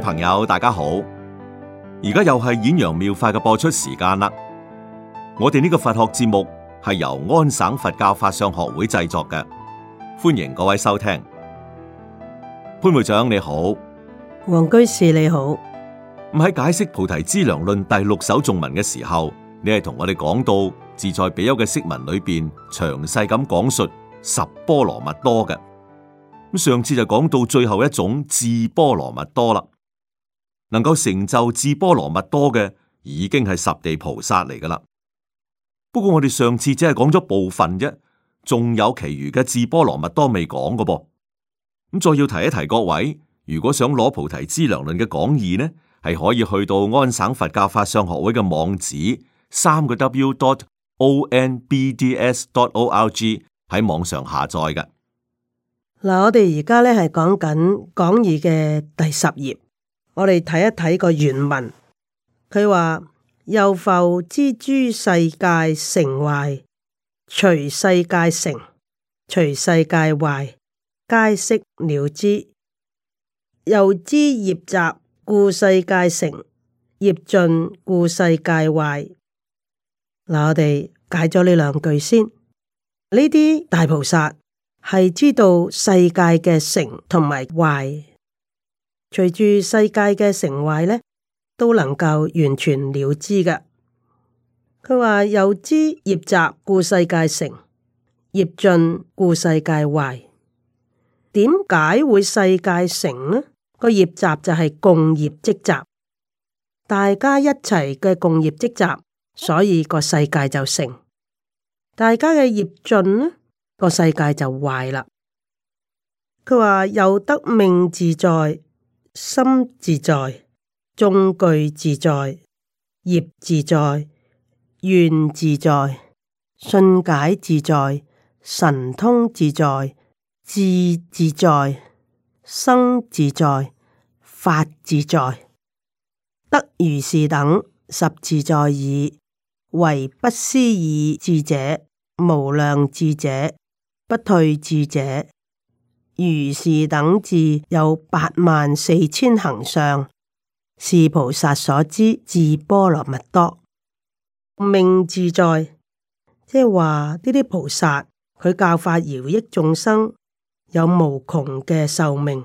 朋友，大家好！而家又係《演揚妙，妙法》嘅播出時間啦。我哋呢個佛學節目係由安省佛教法相學會製作嘅，歡迎各位收聽。潘會長你好，王居士你好。咁喺解釋《菩提資糧論》第六首頌文嘅時候，你係同我哋講到自在比丘嘅釋文裏邊，詳細咁講述十波羅蜜多嘅。咁上次就講到最後一種智波羅蜜多啦。能夠成就智波羅蜜多嘅，已經係十地菩薩嚟噶啦。不過我哋上次只係講咗部分啫，仲有其餘嘅智波羅蜜多未講嘅噃。咁再要提一提各位，如果想攞菩提資糧論嘅講義呢，係可以去到安省佛教法相學會嘅網址，三個 W dot onbds dot org 喺網上下載嘅。嗱，我哋而家呢係講緊講義嘅第十頁。我哋睇一睇個原文，佢話，又復知諸世界成壞，隨世界成，隨世界壞，皆悉了知。又知業集故世界成，業盡故世界壞。嗱，我哋解咗呢兩句先。呢啲大菩薩係知道世界嘅成同埋壞。隨住世界嘅成壞呢，都能夠完全了知㗎。佢話又知業集故世界成，業盡故世界壞。點解會世界成呢？個業集就係共業積集，大家一齊嘅共業積集，所以個世界就成。大家嘅業盡呢，個世界就壞啦。佢話又得命自在，心自在，眾具自在，業自在，願自在，信解自在，神通自在，智自在，生自在，法自在，得如是等十自在耳。為不思議智者，無量智者，不退智者。如是等字有八萬四千行相，是菩薩所知。智波羅蜜多命自在，即係話呢啲菩薩佢教化饒益眾生，有無窮嘅壽命。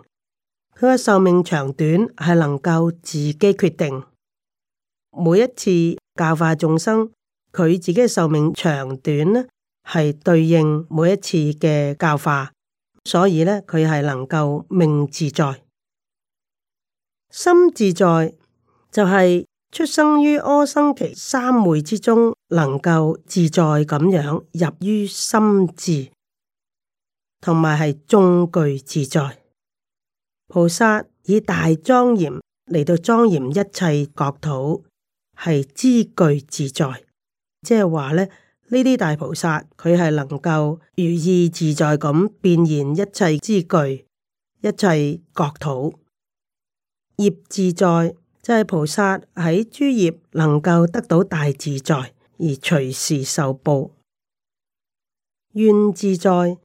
佢嘅壽命長短係能夠自己決定。每一次教化眾生，佢自己嘅壽命長短呢，係對應每一次嘅教化。所以呢，佢係能夠命自在、心自在，就係、是、出生於阿僧祇三昧之中，能夠自在咁樣入於心智，同埋係眾具自在。菩薩以大莊嚴嚟到莊嚴一切國土，係資具自在，即係話呢。呢啲大菩薩佢係能夠如意自在咁變現一切之具，一切國土。業自在，即係菩薩喺諸業能夠得到大自在而隨時受報。願自在，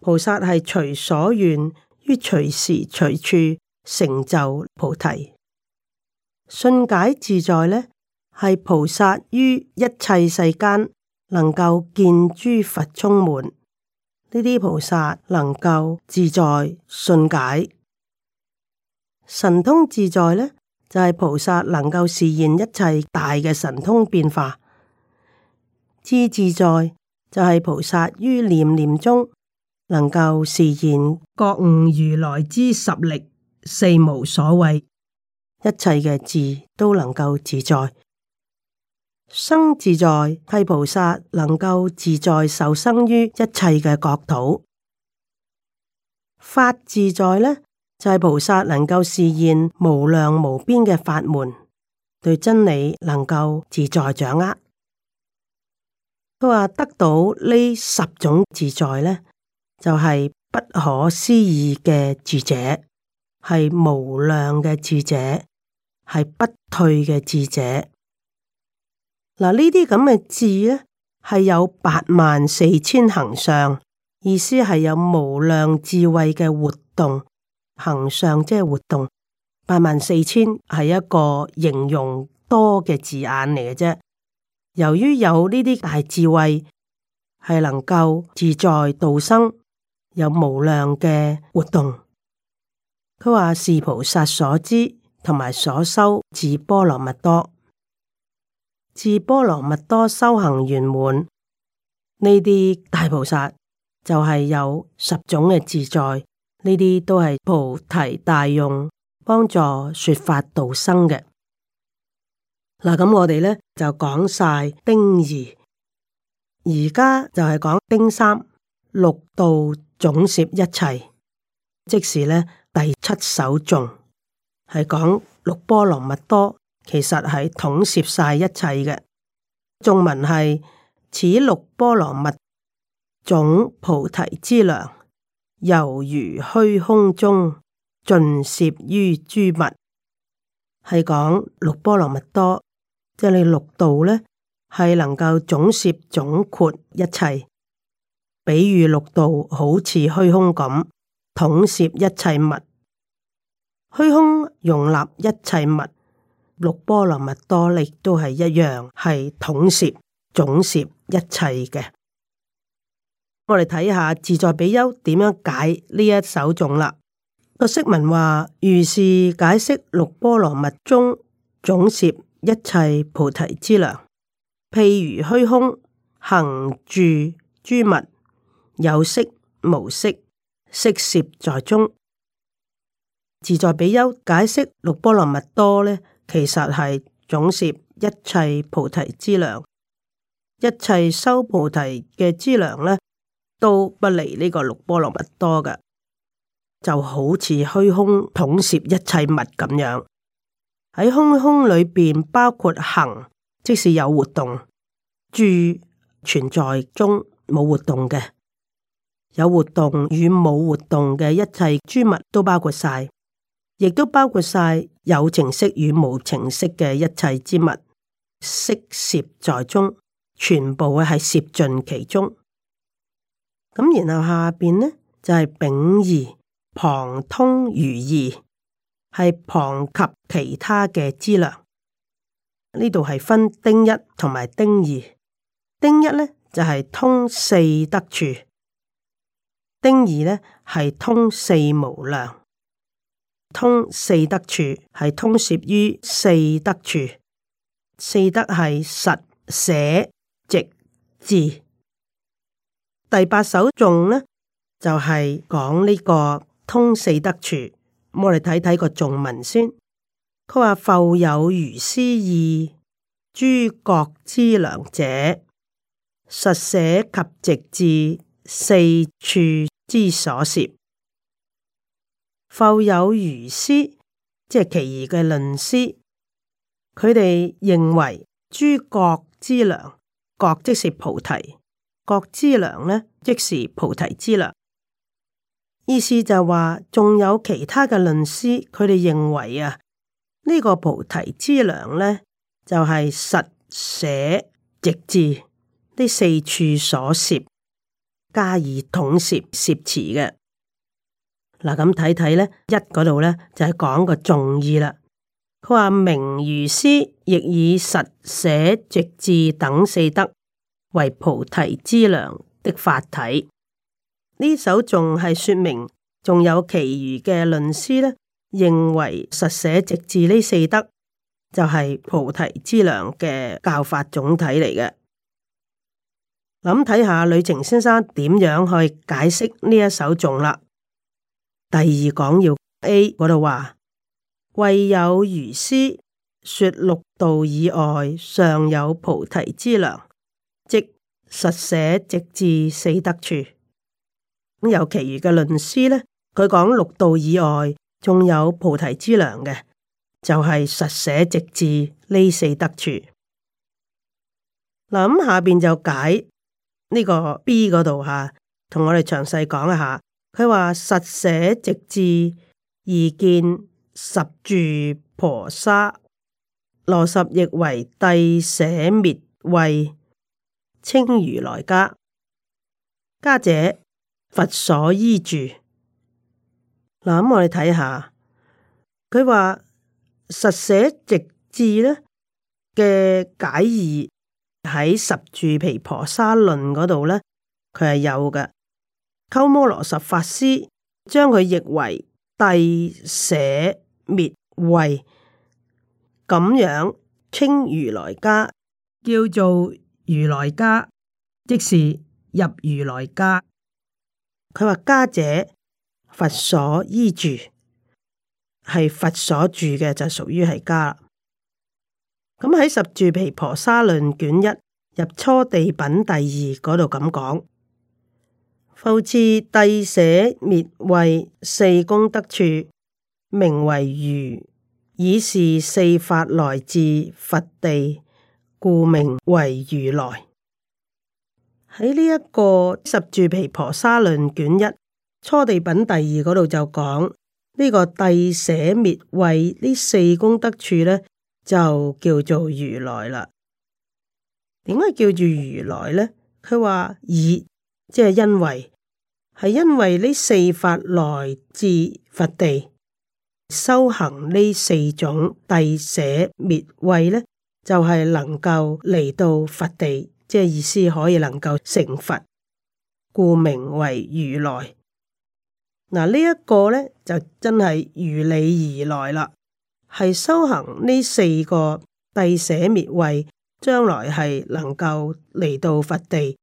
菩薩係隨所願於隨時隨處成就菩提。信解自在呢，係菩薩於一切世間。能夠見諸佛充滿呢啲菩薩，能夠自在信解神通自在呢，就係、是、菩薩能夠示現一切大嘅神通變化。智自,自在就係、是、菩薩於念念中能夠示現覺悟如來之十力，四無所畏一切嘅智都能夠自在。生自在係菩薩能夠自在受生於一切嘅國土，法自在呢就係、是、菩薩能夠示現無量無邊嘅法門，對真理能夠自在掌握。佢話得到呢十種自在呢，就係、是、不可思議嘅智者，係無量嘅智者，係不退嘅智者。嗱，呢啲咁嘅字咧，係有八萬四千行相，意思係有無量智慧嘅活動，行相即係活動。八萬四千係一個形容多嘅字眼嚟嘅啫。由於有呢啲大智慧，係能夠自在度生，有無量嘅活動。佢話是菩薩所知同埋所修智波羅蜜多。智波羅蜜多修行圓滿，呢啲大菩薩就係有十種嘅自在，呢啲都係菩提大用，幫助說法度生嘅。嗱，咁我哋呢就講晒丁二，而家就係講丁三六道總攝一切，即是呢，第七首頌係講六波羅蜜多。其實係統攝晒一切嘅。頌文係：此六波羅蜜種菩提之糧，猶如虛空中盡攝於諸物，係講六波羅蜜多，即係你六度呢，係能夠總攝總括一切。比喻六度好似虛空咁，統攝一切物，虛空容納一切物。六波羅蜜多亦都係一樣，係統攝、總攝一切嘅。我哋睇下自在比丘點樣解呢一首頌啦。個釋文話：如是解釋六波羅蜜中總攝一切菩提之量，譬如虛空行住諸物，有色無色，色攝在中。自在比丘解釋六波羅蜜多呢。其實係總攝一切菩提之糧，一切修菩提嘅之糧呢，都不離呢個六波羅蜜多嘅，就好似虛空統攝一切物咁樣，喺空空裏邊包括行，即使有活動、住存在中冇活動嘅，有活動與冇活動嘅一切諸物都包括晒。亦都包括晒有情色與無情色嘅一切之物，悉攝在中，全部嘅係攝進其中。咁然後下邊呢就係、是、丙二旁通如二，係旁及其他嘅資糧。呢度係分丁一同埋丁二。丁一呢就係、是、通四得處，丁二呢係通四無量。通四德處係通攝於四德處，四德係實、捨、直、智。第八首頌呢就係、是、講呢個通四德處。咁我哋睇睇個頌文先，佢話：，復有如斯意，諸國之良者，實捨及直智四處之所攝。復有餘師，即係其餘嘅論師，佢哋認為諸覺之糧，覺即是菩提，覺之糧呢，即是菩提之糧。意思就話、是、仲有其他嘅論師，佢哋認為啊，呢、這個菩提之糧呢，就係、是、實捨直智，呢四處所攝，加以統攝攝持嘅。嗱，咁睇睇咧，一嗰度咧就係、是、講個頌義啦。佢話明如師，亦以實寫直字等四德為菩提資糧的法體。呢首頌係說明仲有其餘嘅論師呢，認為實寫直字呢四德就係、是、菩提資糧嘅教法總體嚟嘅。噉睇下呂程先生點樣去解釋呢一首頌啦。第二講要 A 嗰度話，謂有餘師說六度以外尚有菩提資糧，即實寫直至四德處。咁有其餘嘅論師咧，佢講六度以外仲有菩提資糧嘅，就係、是、實寫直至呢四德處。嗱，咁下邊就解呢個 B 嗰度吓，同、啊、我哋詳細講一下。佢話：實舍直字，而見十住婆沙，羅什譯為帝舍滅慧，清如來家，家者佛所依住。嗱、嗯，我哋睇下，佢話實舍直字咧嘅解義喺十住毘婆沙論嗰度咧，佢係有嘅。鳩摩羅什法師將佢譯為帝舍滅位，咁樣稱如來家叫做如來家，即是入如來家。佢話家者佛所依住，係佛所住嘅就屬於係家。咁、嗯、喺十住皮婆沙論卷一入初地品第二嗰度咁講。復次，帝捨滅慧四功德處，名為如，以示四法來自佛地，故名為如來。喺呢一個十住毗婆沙論卷一初地品第二嗰度就講呢、這個帝捨滅慧呢四功德處呢，就叫做如來啦。點解叫做如來呢？佢話以即係因為，係因為呢四法來自佛地，修行呢四種諦捨滅慧呢，就係、是、能夠嚟到佛地，即係意思可以能夠成佛，故名為如來。嗱、啊、呢、這、一個呢，就真係如理而來啦，係修行呢四個諦捨滅慧，將來係能夠嚟到佛地。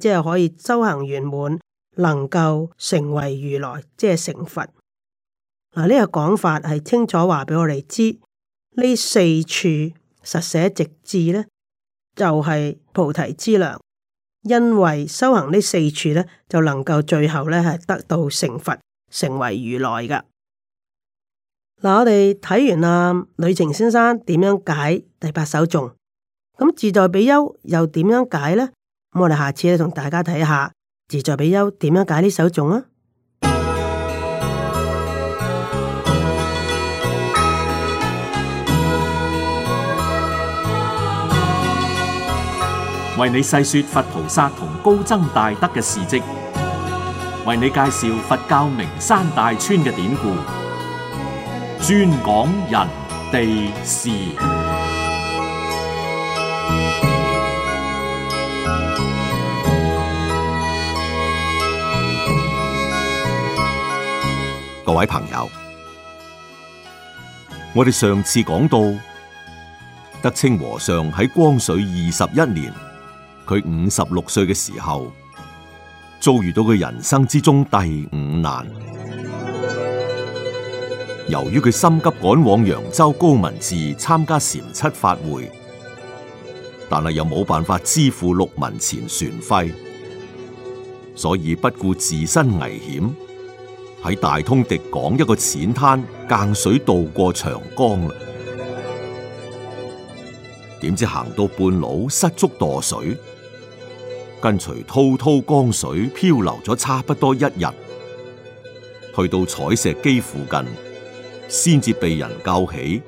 即係可以修行圓滿，能夠成為如來，即係成佛。嗱，呢個講法係清楚話畀我哋知，呢四處實寫直字咧，就係、是、菩提之糧；因為修行呢四處咧，就能夠最後咧係得到成佛，成為如來噶。嗱，我哋睇完啊，呂澄先生點樣解第八首頌，咁自在比丘又點樣解咧？咁我哋下次咧同大家睇下自在比丘點樣解呢首頌啊！為你細說佛菩薩同高僧大德嘅事跡，為你介紹佛教名山大川嘅典故，專講人地事。各位朋友，我哋上次講到，德清和尚喺光緒二十一年，佢五十六歲嘅時候，遭遇到佢人生之中第五難。由於佢心急趕往揚州高文寺參加禪七法會，但係又冇辦法支付六文錢船費，所以不顧自身危險。喺大通迪港一個淺灘，更水渡過長江啦。點知行到半路失足墮水，跟隨滔滔江水漂流咗差不多一日，去到采石磯附近，先至被人救起，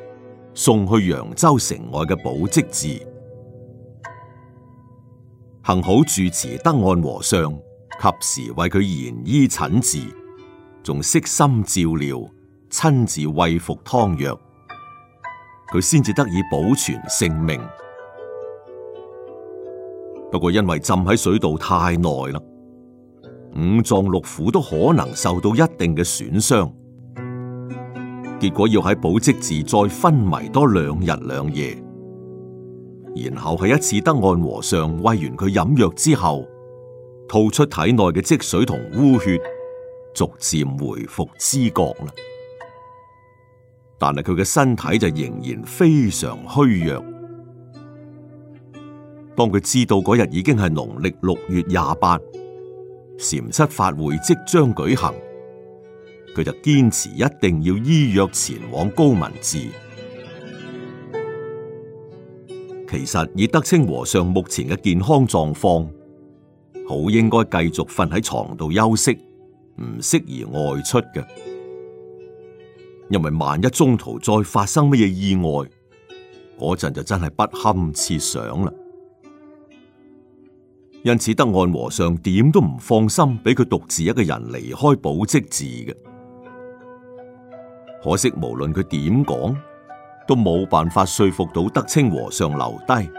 送去揚州城外嘅寶積寺，幸好住持德岸和尚及時為佢延醫診治，仲悉心照料，親自餵服湯藥，佢先至得以保存性命。不過因為浸喺水度太耐啦，五臟六腑都可能受到一定嘅損傷。結果要喺保積寺再昏迷多兩日兩夜，然後係一次德岸和尚餵完佢飲藥之後，吐出體內嘅積水同污血。逐漸恢復知覺啦，但係佢嘅身體就仍然非常虛弱。當佢知道嗰日已經係農曆六月廿八，禪七法會即將舉行，佢就堅持一定要依約前往高文寺。其實以德清和尚目前嘅健康狀況，好應該繼續瞓喺床度休息。唔適宜外出嘅，因為萬一中途再發生乜嘢意外，嗰陣就真係不堪設想啦。因此，德安和尚點都唔放心，俾佢獨自一個人離開寶積寺嘅。可惜無論佢點講，都冇辦法說服到德清和尚留低，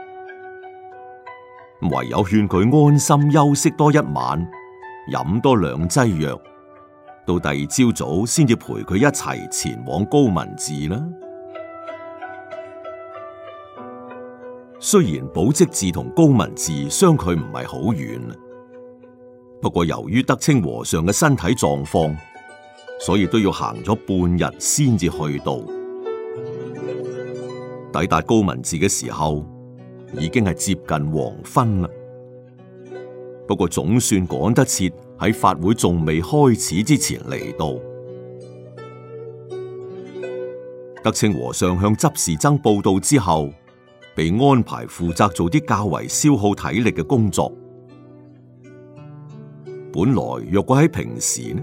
唯有勸佢安心休息多一晚。飲多兩劑藥，到第二朝早先至陪佢一齊前往高旻寺啦。雖然寶積寺同高旻寺相距唔係好遠，不過由於德清和尚嘅身體狀況，所以都要行咗半日先至去到。抵達高旻寺嘅時候，已經係接近黃昏啦。不過總算趕得切，喺法會仲未開始之前嚟到。德清和尚向執事僧報道之後，被安排負責做啲較為消耗體力嘅工作。本來若果喺平時，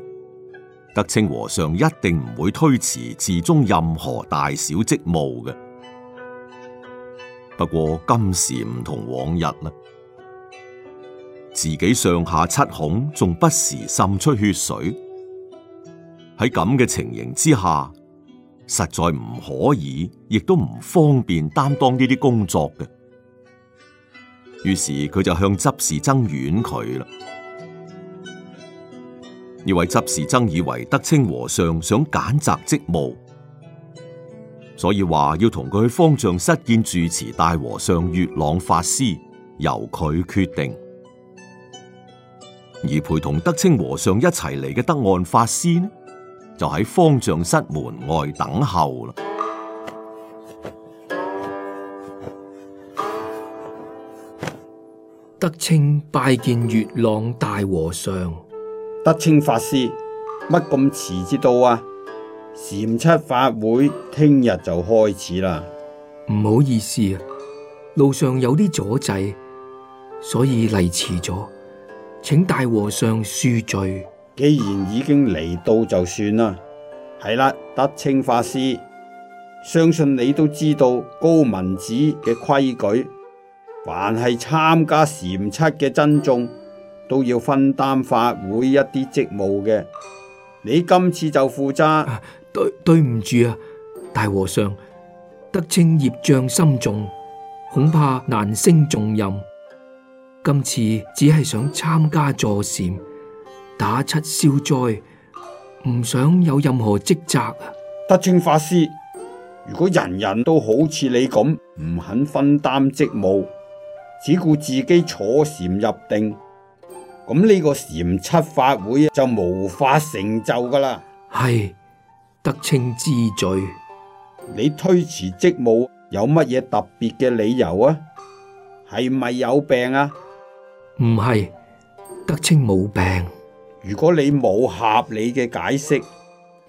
德清和尚一定唔會推遲寺中任何大小職務嘅。不過今時唔同往日啦。自己上下七孔仲不時滲出血水，喺咁嘅情形之下，實在唔可以，亦都唔方便擔當呢啲工作嘅。於是佢就向執事僧婉拒佢啦。呢位執事僧以為德清和尚想揀擇職務，所以話要同佢去方丈室見住持大和尚月朗法師，由佢決定。而陪同德清和尚一齊嚟嘅德岸法師就喺方丈室門外等候啦。德清拜見月朗大和尚。德清法師，乜咁遲至到啊？禪七法會聽日就開始啦。唔好意思啊，路上有啲阻滯，所以嚟遲咗。請大和尚恕罪。既然已經嚟到，就算啦。係啦，德清法師，相信你都知道高文子嘅規矩。凡係參加禪七嘅僧眾都要分擔法會一啲職務嘅。你今次就負責。啊、對對唔住啊，大和尚，德清業障深重，恐怕難勝重任。今次只係想參加助禪，打七消災，唔想有任何職責。德清法師，如果人人都好似你咁唔肯分擔職務，只顧自己坐禪入定，咁呢個禪七法會就無法成就噶啦！係德清之罪。你推辭職務有乜嘢特別嘅理由啊？係咪有病啊？唔係，德清冇病。如果你冇合理嘅解釋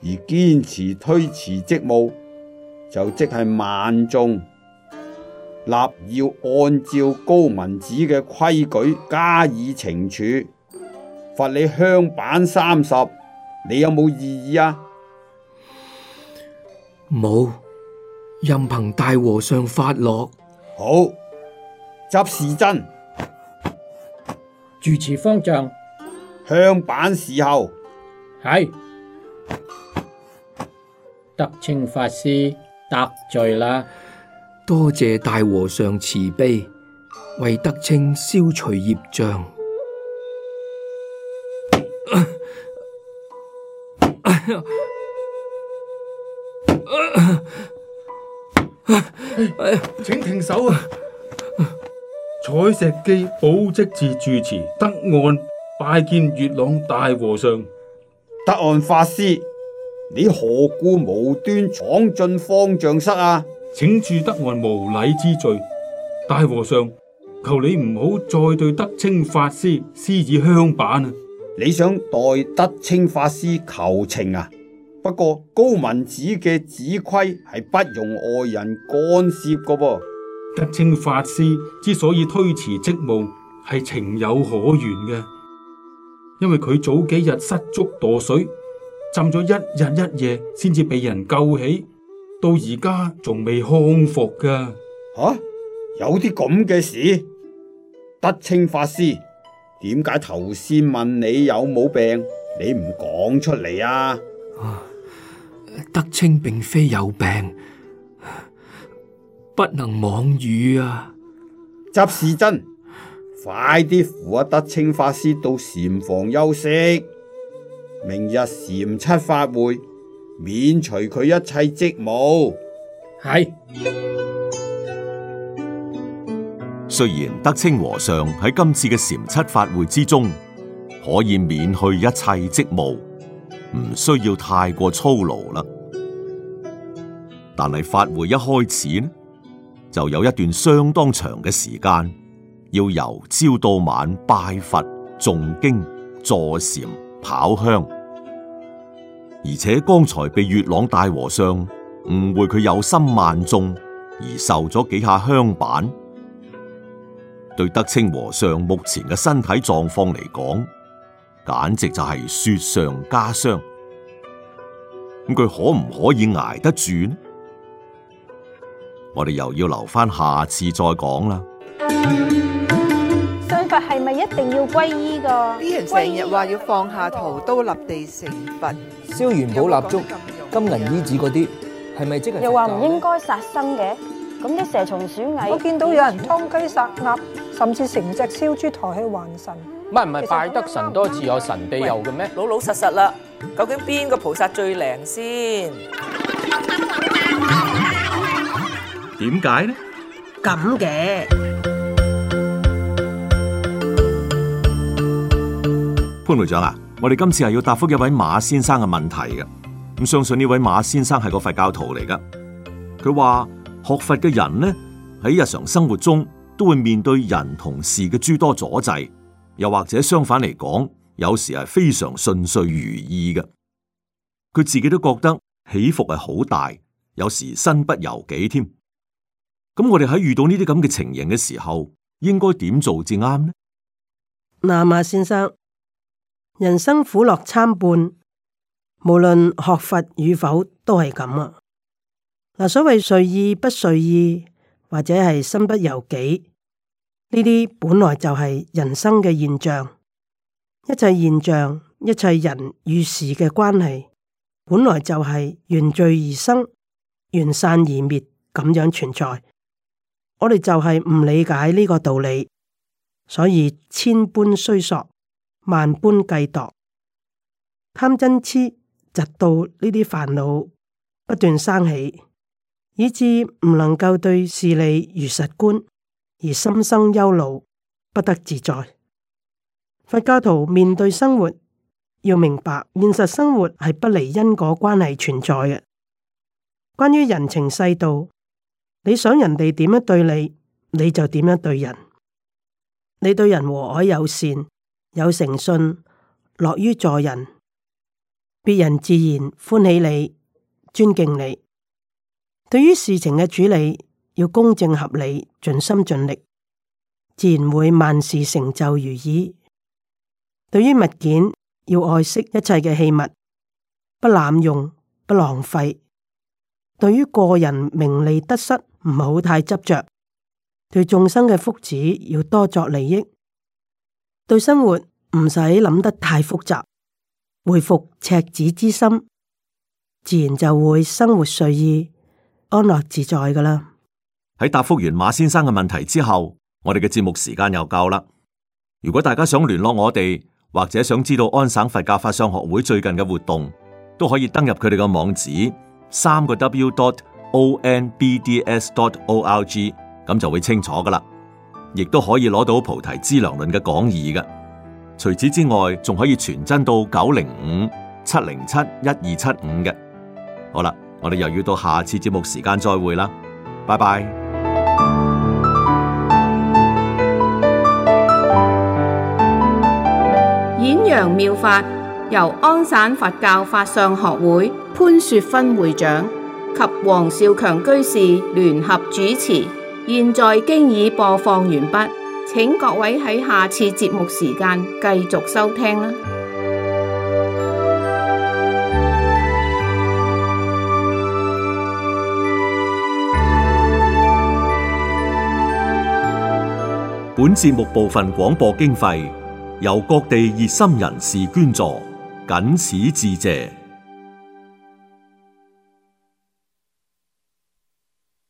而堅持推辭職務，就即係慢眾立要按照高旻寺嘅規矩加以懲處，罰你香板三十，你有冇異議啊？冇，任憑大和尚發落。好，執事真。住持方丈，香板侍候，係。德清法師，得罪啦！多謝大和尚慈悲，為德清消除業障。哎呀！哎呀！請停手啊！采石磯寶積寺住持德岸拜見月朗大和尚。德岸法師，你何故無端闖進方丈室啊？請恕德岸無禮之罪，大和尚，求你唔好再對德清法師施以香板啊！你想代德清法師求情啊？不過高旻寺嘅寺規係不容外人干涉噶噃。德清法師之所以推辭職務，係情有可原嘅，因為佢早幾日失足墮水，浸咗一日一夜，先至被人救起，到而家仲未康復噶。吓、啊，有啲咁嘅事，德清法師點解頭先問你有冇病，你唔講出嚟啊，啊？德清並非有病。不能妄語啊！執事真，快啲扶阿德清法師到禪房休息。明日禪七法會，免除佢一切職務。係是。雖然德清和尚喺今次嘅禪七法會之中可以免去一切職務，唔需要太過操勞啦。但係法會一開始就有一段相當長嘅時間，要由朝到晚拜佛誦經、坐禪跑香，而且剛才被月朗大和尚誤會佢有心慢眾，而受咗幾下香板，對德清和尚目前嘅身體狀況嚟講，簡直就係雪上加霜。咁佢可唔可以捱得住呢？我哋又要留翻下，下次再講啦。信佛係咪一定要皈依噶？啲人成日話要放下屠刀立地成佛，燒元寶蠟燭、金銀衣紙嗰啲，係咪、啊、即係？又話唔應該殺生嘅？咁啲蛇蟲鼠蟻，我見到有人殺雞殺鴨，甚至成隻燒豬抬去還神。唔係唔係，拜得神多自有神庇佑嘅咩？老老實實啦，究竟邊個菩薩最靚先？ 點解呢？咁嘅潘會長啊，我哋今次係要答复一位馬先生嘅問題嘅。咁相信呢位馬先生係個佛教徒嚟㗎。佢話學佛嘅人呢，喺日常生活中都會面對人同事嘅諸多阻滯，又或者相反嚟講，有時係非常順遂如意嘅。佢自己都覺得起伏係好大，有時身不由己添。咁我哋喺遇到呢啲咁嘅情形嘅時候，應該點做至啱呢？嗱，馬先生，人生苦樂參半，無論學佛與否都係咁啊。嗱，所謂隨意不隨意，或者係身不由己，呢啲本來就係人生嘅現象。一切現象，一切人與事嘅關係，本來就係緣聚而生，緣散而滅，咁樣存在。我哋就係唔理解呢個道理，所以千般衰索，萬般計度。貪瞋痴，窒到呢啲煩惱不斷生起，以至唔能夠對事理如實觀，而心生憂惱，不得自在。佛教徒面對生活，要明白現實生活係不離因果關係存在嘅。關於人情世道，你想人哋點樣對你，你就點樣對人。你對人和藹友善，有誠信，樂於助人，別人自然歡喜你、尊敬你。對於事情嘅處理，要公正合理，盡心盡力，自然會萬事成就如意。對於物件，要愛惜一切嘅器物，不濫用，不浪費。對於個人名利得失，唔好太執着，對眾生嘅福祉要多作利益，對生活唔使諗得太複雜，回復赤子之心，自然就會生活隨意、安樂自在噶啦。喺答復完馬先生嘅問題之後，我哋嘅節目時間又夠啦。如果大家想聯絡我哋，或者想知道安省佛教法相學會最近嘅活動，都可以登入佢哋嘅網址，三個 W dot。O N B D S dot O R G，咁就會清楚噶啦，亦都可以攞到《菩提資糧論》嘅講義噶。除此之外，仲可以傳真到九零五七零七一二七五嘅。好啦，我哋又要到下次節目時間再會啦，拜拜。演揚妙法由安省佛教法相學會潘雪芬會長，及黃少強居士聯合主持，現在經已播放完畢，請各位喺下次節目時間繼續收聽啦。本節目部分廣播經費由各地熱心人士捐助，僅此致謝。